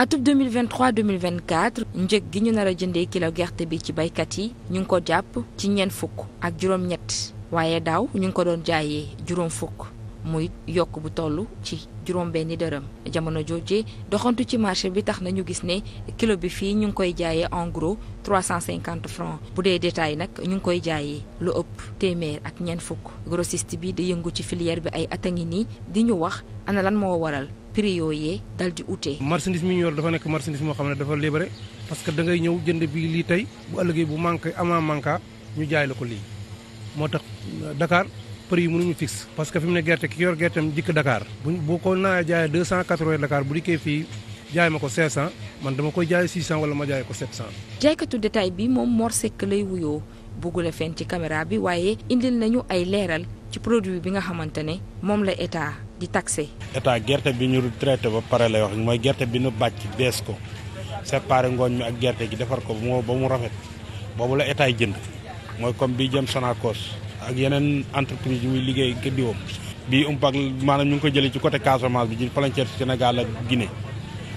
atub 2023 2024 njëg gi ñu nar a jëndee kilo gerte bi ci baykat yi ñu ngi ko jàpp ci ñeent fukk ak juróom-ñett waaye daaw ñu ngi ko doon jaayee juróom fukk muy yokk bu toll ci juróom benni dërëm jamono jooje doxantu ci marché bi tax nañu gis ne kilo bi fii ñu ngi koy jaayee en gros 350 francs bu dee détail nag ñu ngi koy jaayee lu ëpp téeméer ak ñeent fukk grossiste bi di yëngu ci filière bi ay at a ngi nii di ñu wax ana lan moo waral prix yooyee dal di utee. marchandise mi ñu yor dafa nekk marchandise moo xam ne dafa libéré parce que da ñëw jënd bi lii tey bu ëllëgee bu manqué ama manqua ñu jaay la ko lii moo tax euh, Dakar prix yi mënuñu fixe parce que fi mu ne gerte ki yor gerteem dikk Dakar bu bu ko naa jaayee 280 Dakar bu dikkee fii jaay ma ko 500 man dama koy jaay 600 wala ma jaay ko 700. jaaykatu détail bi moom Mor Seck lay wuyoo buggule fenn ci caméra bi waaye indil nañu ay leeral. ci produit bi nga xamante ne moom la état di taxé. état gerte bi ñu traité ba pare lay wax mooy gerte bi nu bàcc bees ko séparé ngooñ mi ak gerte gi defar ko ba mu rafet boobu la état jënd mooy comme bi jëm Sonacos ak yeneen entreprise yu muy liggéey ak diwam. bii umpak maanaam ñu ngi ko jëlee ci côté Casamance bi ji frontière Sénégal ak Guinée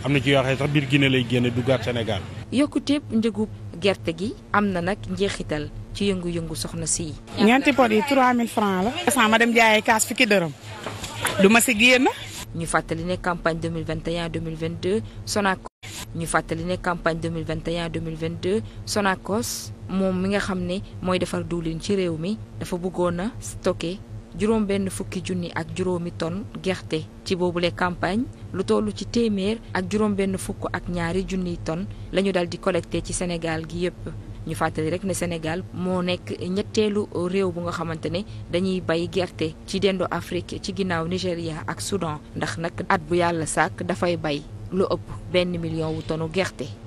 am na ci yoo xam sax biir Guinée lay génne duggaat Sénégal. yokkuteeb njëgub gerte gi am na nag njeexital. ci yëngu-yëngu soxna si. ñeenti pot yi 3000 francs la. instant ma dem jaayee kaas fukki dërëm du ma si génn. ñu fàttali ne campagne 2021 2022 Sonacos. ñu fàttali ne campagne 2021 2022 Sonacos moom mi nga xam ne mooy defar diwlin ci réew mi dafa bëggoon a stocké juróom benn fukki junni ak juróomi tonne gerte ci boobu boobule campagne lu toll ci téeméer ak juróom benn fukk ak ñaari junniy tonne la ñu dal di collecté ci Sénégal gi yépp ñu fàttali rek ne Sénégal moo nekk ñetteelu réew bu nga xamante ne dañuy bay gerte ci dendu Afrique ci ginnaaw Nigéria ak Soudan ndax nag at bu yàlla sàkk dafay bay lu ëpp benn million wu tonu gerte